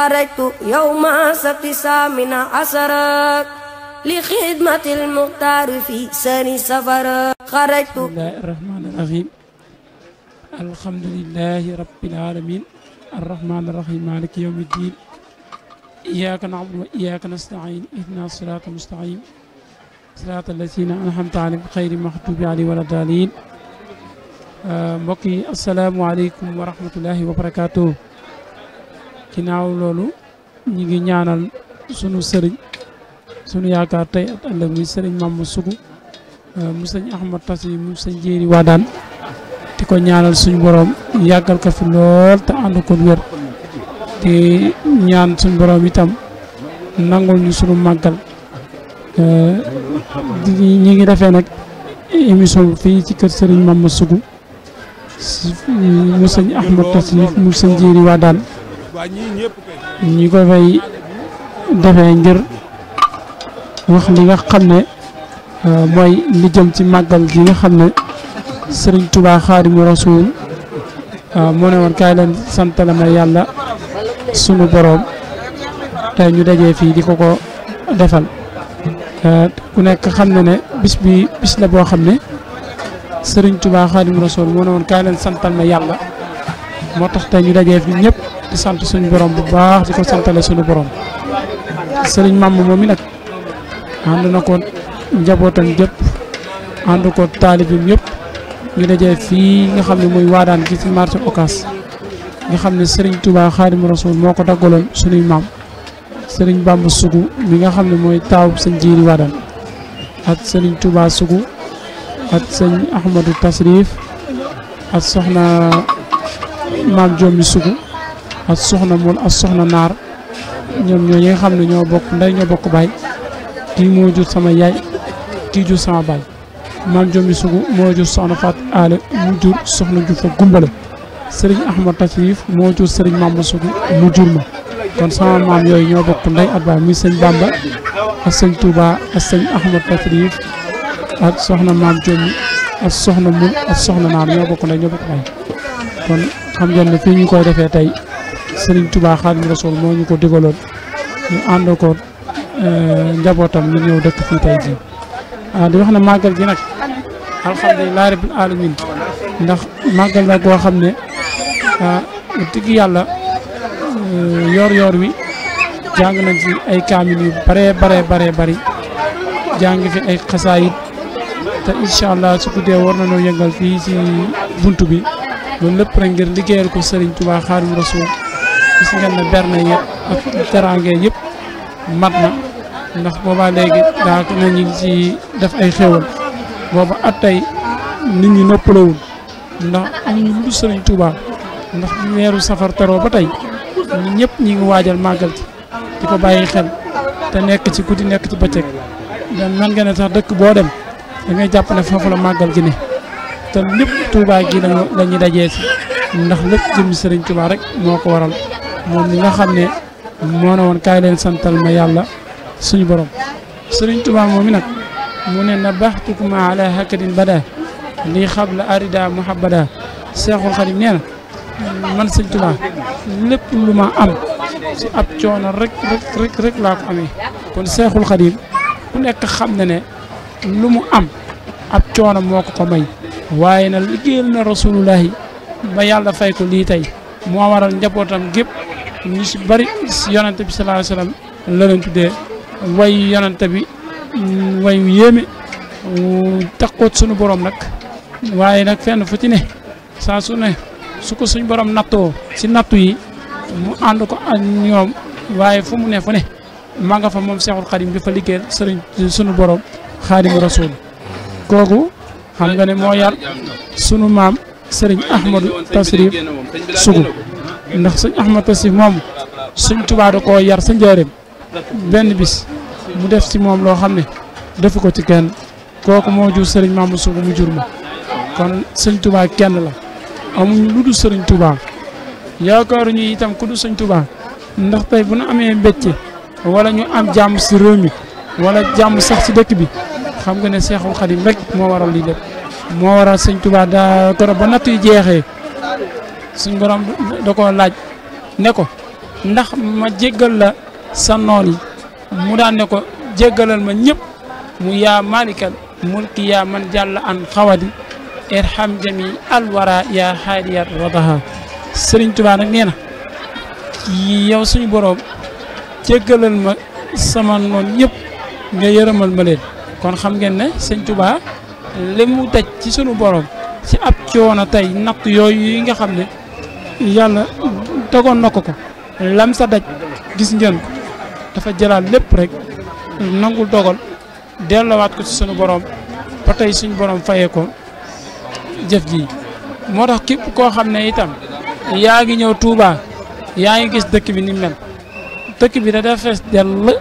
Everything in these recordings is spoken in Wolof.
xarajtu yowma sabti saamina asara li xidmatil muxtaari fi sani safara xarajtu bismillahi rahmaani rahim alhamdulilahi rabbil alamin arrahmaani rahim maliki yawmi ddin iyyaka na'budu wa iyyaka nasta'in ihdina sirata mustaqim sirata allazina an'amta alayhim xayri maxdubi alayhi wala dalin mbokk yi assalaamu aleykum wa rahmatullahi wa barakatuh ginnaaw loolu ñu ngi ñaanal sunu sëriñ sunu yaakaar tey at ëllëg muy sëriñ Mamadou Sougou euh, mu sëñ Ahmad Tass yi mu sëñ Jéeri Wadaan di ko ñaanal suñu borom yàggal ko fi lool te ànd ko wér di ñaan suñu borom itam ñu euh, ngi defee nag émission bi fii ci kër sëriñ Mamadou Sougou mu sëñ Ahmad Tass yi mu sëñ Jéeri Wadaan ñi ko fay defee ngir wax li nga xam ne euh, mooy li jëm ci màggal gi nga xam ne sëriñ Tuubaa Xaadimu Rasuul euh, moo ne woon kaay leen santale ma yàlla sunu boroom tey ñu dajee fii di ko ko defal euh, ku nekk xam ne ne bis bi bis la boo xam ne sëriñ Tuubaa Xaadimu Rasuul moo ne woon kaay leen santal ma yàlla moo tax tey ñu dajee fii ñëpp ci sant suñu borom bu baax di ko santale suñu borom sëriñ Mame moom mi nag ànd na ko njabootam yëpp ànd ko taalibim yëpp ñu dajee fii nga xam ne muy waadaan ci ci marché Ocass nga xam ne sëriñ Touba Xaadimu Rasuul moo ko daggaloon suñuy maam sëriñ Bamba Sougou mi nga xam ne mooy taaw sëñ jiiri waadaan ak sëriñ Touba Sougou ak sëñ Ahmadou Tasrif ak soxna maam Joomi Sougou ak soxna mul ak soxna naar ñoom ñoo ñi xam ne ñoo bokk nday ñoo bokk baay kii moo jur sama yaay kii jur sama baay maam jombi sugu moo soxna faat aale mu jur soxna ju moo jur sëriñ maam sugu mu kon sama yooyu ñoo bokk ndey ak baay muy sëñ bamba ak sëñ ak sëñ ahmad tasrif ak soxna maam ñoo bokk baay kon xam ngeen fii ñu koy defee tey Serigne Touba Xaadimu Rasuul moo ñu ko digaloon ñu ànd ko euh, njabootam ñu ñëw dëkk fii tey jii. Ah, di wax na màggal gi nag alhamdulilah rabbil alamin ndax màggal la goo xam ne ah, digg yàlla euh, yor yoor wi jàng nañ fi ay kaamil yu bare bare bare bari jàng fi ay xasaayit te incha allah su guddee war nañoo yëngal fii ci bunt bi loolu lépp rek ngir liggéeyal ko Serigne Touba Xaadimu Rasuul gis ngeen ne berne yëpp ak teraange yëpp mat na ndax boobaa léegi daanaka na ñu ngi ci def ay xéewal booba at tey nit ñi noppalawul ndax amuñu lu sëriñ Touba ndax weeru safar teroo ba tey ñun ñëpp ñi ngi waajal màggal ci di ko bàyyi xel te nekk ci guddi nekk ci bëccëg dan man nga ne sax dëkk boo dem da ngay jàpp ne foofu la màggal gi ne te lépp Touba gi lañu la ñuy dajee si ndax lépp jëm sëriñ Touba rek moo ko waral moom li nga xam ne moo ne woon kaay leen santal ma yàlla suñu borom sëriñ Tuubaa moom mi nag mu ne nabaxtukum ala hakadin bada lii xabla arida muhabbada seexul xadim nee na man sëriñ Tuubaa lépp lu ma am si ab coono rek rek rek rek laa ko amee kon seexul xadim ku nekk xam na ne lu mu am ab coono moo ko ko may waaye na liggéeyal na rasulullahi ba yàlla fay ko lii tey moo waral njabootam gépp ñu si bari yonante bi sallallahu alayhi wasallam la leen tuddee way yonante bi way yéeme takkoot sunu borom nag waaye nag fenn fu ci ne saa su ne su ko suñu borom nattoo si nattu yi mu ànd ko ak ñoom waaye fu mu ne fu ne ma nga fa moom Seexul Xadim di fa liggéeyal sëriñ sunu borom Xaadimu Rasuul kooku xam nga ne moo yar sunu maam sëriñ Ahmadou Tasrif Sougou ndax sëñ Ahmadou Tasrif moom sëñ Tuubaa da koo yar sa benn bis mu def ci moom loo xam ne defu ko ci kenn kooku moo jur sëriñ Mamadou Sougou mu jur ma kon sëñ Tuubaa kenn la amuñ lu dul sëriñ Tuubaa yaakaaru ñu itam ku dul sëñ Tuubaa ndax tey bu nu amee mbécce wala ñu am jàmm si réew mi wala jàmm sax ci dëkk bi xam nga ne Seexul Xadiim rek moo waral lii lépp moo waral sëñ Tuubaa daa keroog ba natt yi jeexee suñ borom da koo laaj ne ko ndax ma jéggal la sa noon yi mu daan ne ko jéggalal ma ñépp mu yaa malikal mulki yaa man jàll an xawadi irham jami alwara yaa xaadiyat wadaha sëriñ Tuubaa nag nee na yow suñ boroom jéggalal ma sama noon yëpp nga yërëmal ma leen kon xam ngeen ne sëñ Tuubaa li mu daj ci sunu boroom si ab coono tey natt yooyu yi nga xam ne yàlla tegoon na ko ko lam sa daj gis ngeen ko dafa jëlaat lépp rek nangul dogal dellowaat ko ci sunu borom ba tey suñu borom fayee ko jëf ji moo tax képp koo xam ne itam yaa ngi ñëw Touba yaa ngi gis dëkk bi ni mel dëkk bi da dafa fees dell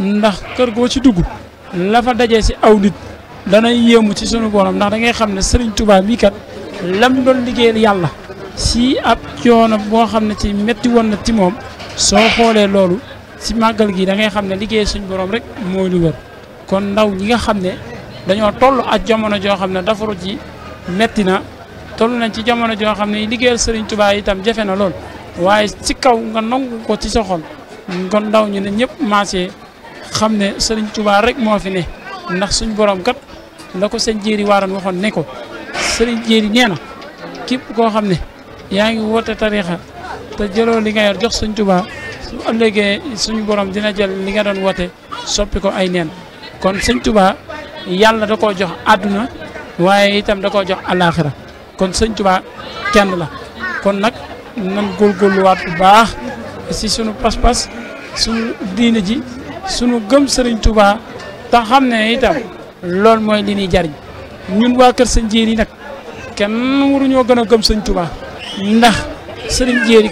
ndax kër goo ci dugg la fa dajee si aw nit danay yéemu ci sunu borom ndax da ngay xam ne Serigne Touba mii kat lam doon liggéeyal yàlla si ab coono boo xam ne ci métti woon na ci moom soo xoolee loolu si màggal gi da ngay xam ne liggéey suñu borom rek mooy lu kon ndaw ñi nga xam ne dañoo toll ak jamono joo xam ne dafaru ji métti na toll nañ ci jamono joo xam ne liggéeyal Serigne Touba itam jafe na lool waaye ci kaw nga nangu ko ci sa kon ndaw ñu ne ñëpp maasee xam ne Serigne Touba rek moo fi ne ndax suñu borom kat. la ko sëñ jéeri waaroon waxoon ne ko sëriñ jéeri nee na képp koo xam ne yaa ngi woote tariixa te jëloo li nga yor jox sëñ Tuubaa su ëllëgee suñu borom dina jël li nga doon woote soppi ko ay neen kon sëñ Tuubaa yàlla da koo jox àdduna waaye itam da koo jox alaaxira kon sëñ Tuubaa kenn la kon nag nan góor góorgóorluwaat bu baax si sunu pas-pas sunu diine ji sunu gëm sëriñ Tuubaa te xam ne itam loolu mooy li ñuy jariñ ñun waa kër sëñ yi nag kenn waruñoo gën a gëm sëñ Touba ndax sëriñ Jéeri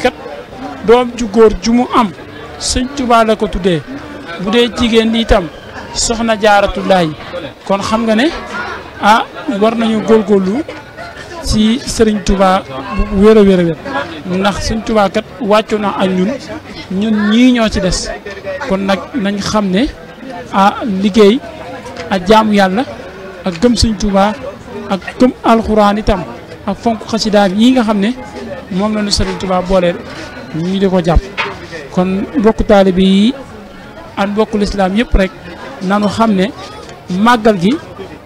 doom ju góor ju mu am sëñ Touba la ko tuddee bu dee jigéen di itam soxna jaaratullaay kon xam nga ne a ah, war nañu góor góorgóorlu ci sëriñ Touba bu wér ndax sëñ tubaakat kat wàccu na ak ñun ñun ñii ñoo ci des kon nag nañ xam ne a ah, liggéey. ak jaamu yàlla ak gëm sëñ Tuubaa ak gëm alxuraan itam ak fonk xasidaa yi nga xam ne moom la ñu sëriñ Tuubaa booleel ñu di ko jàpp kon mbokku taalibe yi ak mbokku lislaam yëpp rek nanu xam ne màggal gi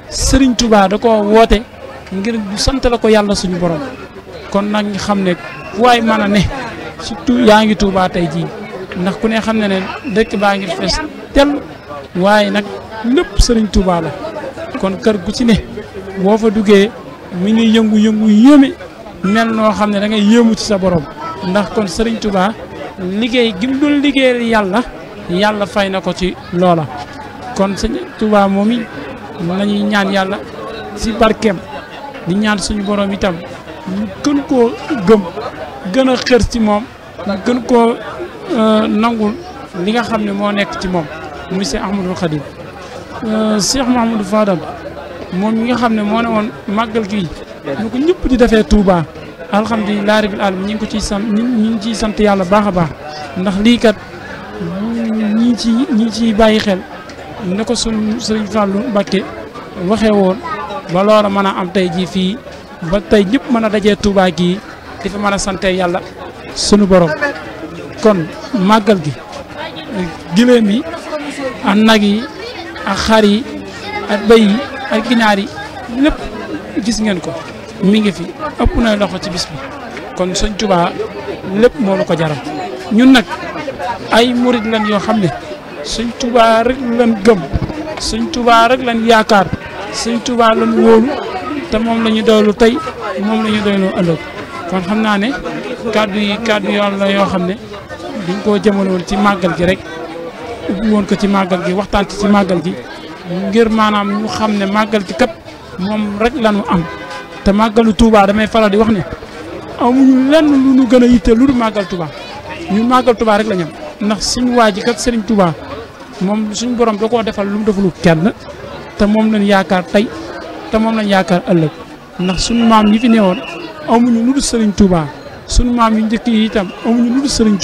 sëriñ Tuubaa da ko woote ngir du sant ko yàlla suñu borom kon nag ñu xam ne waaye mën a ne surtout yaa ngi Tuubaa tey jii ndax ku ne xam ne ne dëkk baa ngi fees tell waaye nag lépp sëriñ Touba la kon kër gu ci ne boo fa duggee mi ngi yëngu-yëngu yéeme mel noo xam ne da ngay yéemu ci sa borom ndax kon sëriñ Touba liggéey gi mu doon liggéeyal yàlla yàlla fay na ko ci loola kon sëriñ Touba moom it nañuy ñaan yàlla ci barkeem di ñaan suñu borom itam ñu kën koo gëm gën a xër ci moom gën koo euh, nangul li nga xam ne moo nekk ci moom muy Cheikh Ahmadou Khadim euh, Cheikh Mahamadou Fadal moom mi nga xam ne moo ne woon màggal gi ñu ko ñëpp di defee Touba alhamdulilah rabil alamin ñi ngi ko ciy sant ñu ngi ciy sant yàlla baax a baax ndax lii kat ñi ci ñi ciy bàyyi xel ne ko suñ sëriñ Fallou Mbacké waxee woon ba loola mën a am tey jii fii ba tey ñëpp mën a dajee tuubaa gi di fa mën a sante yàlla suñu boroom kon màggal gi giléem yi ak nag yi ak xar yi ak bëy yi ak yi lépp gis ngeen ko mi ngi fi ëpp na loxo ci bis bi kon sëñ Tuubaa lépp moom nu ko jaral ñun nag ay murit lan yoo xam ne sëñ Tuubaa rek lan gëm sëñ Tuubaa rek lan yaakaar sëñ Tuubaa lan wóolu te moom la ñu doylu tey moom lañu ñu doyloo kon xam naa ne kàddu yi kàddu yoon yoo xam ne dañ koo jëmaloon ci màggal gi rekk ubbi woon ko ci màggal gi waxtaan ci ci màggal gi ngir maanaam ñu xam ne màggal gi kat moom rek lañu am te màggal màggalu tuubaa damay faral di wax ne amuñu lenn lu ñu gën a yitte lu dul màggal Touba ñu màggal Touba rek la ñu ndax suñu waa ji kat Serigne Touba moom suñu borom da koo defal lu mu defalu kenn te moom lañ yaakaar tey te moom lañ yaakaar ëllëg ndax suñu maam yi fi newoon amuñu lu dul Serigne Touba suñu maam yu njëkk yi itam amuñu lu dul Serigne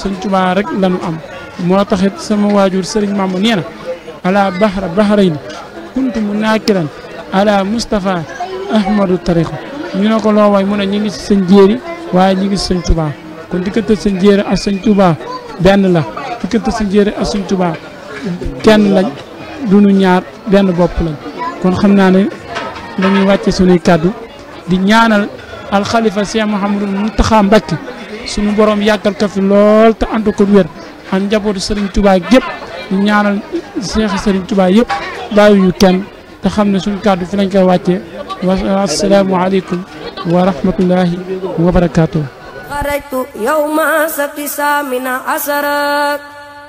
sëñ Tuubaa rek la nu am moo taxit sama waajur sëriñ Maamu nee na ala baxra baxrayn kuntu mu naakiran ala Moustapha Ahmadou Tarixu ñu ne ko loo waay mu ne ñu ngi si sëñ waaye ñu ngi si sëñ kon diggante sëñ jéeri ak sëñ benn la diggante sëñ jéeri ak sëñ kenn lañ duñu ñaar benn bopp lañ kon xam naa ne dañuy wàcce sunuy kàddu di ñaanal alxalifa Cheikh Mouhamadou Mountakha Mbacké suñu borom yàggal ko fi lool te ànd ko wér ak njabootu Serigne Touba gépp ñu ñaanal seexi Serigne Touba yëpp bàyyiwuñu kenn te xam ne suñu kàddu fi lañ koy wa asalaamu aleykum wa rahmatullahi wa barakaatu. xarajtu yawma sabti saamina asara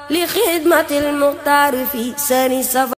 li xidmatil muxtaar fi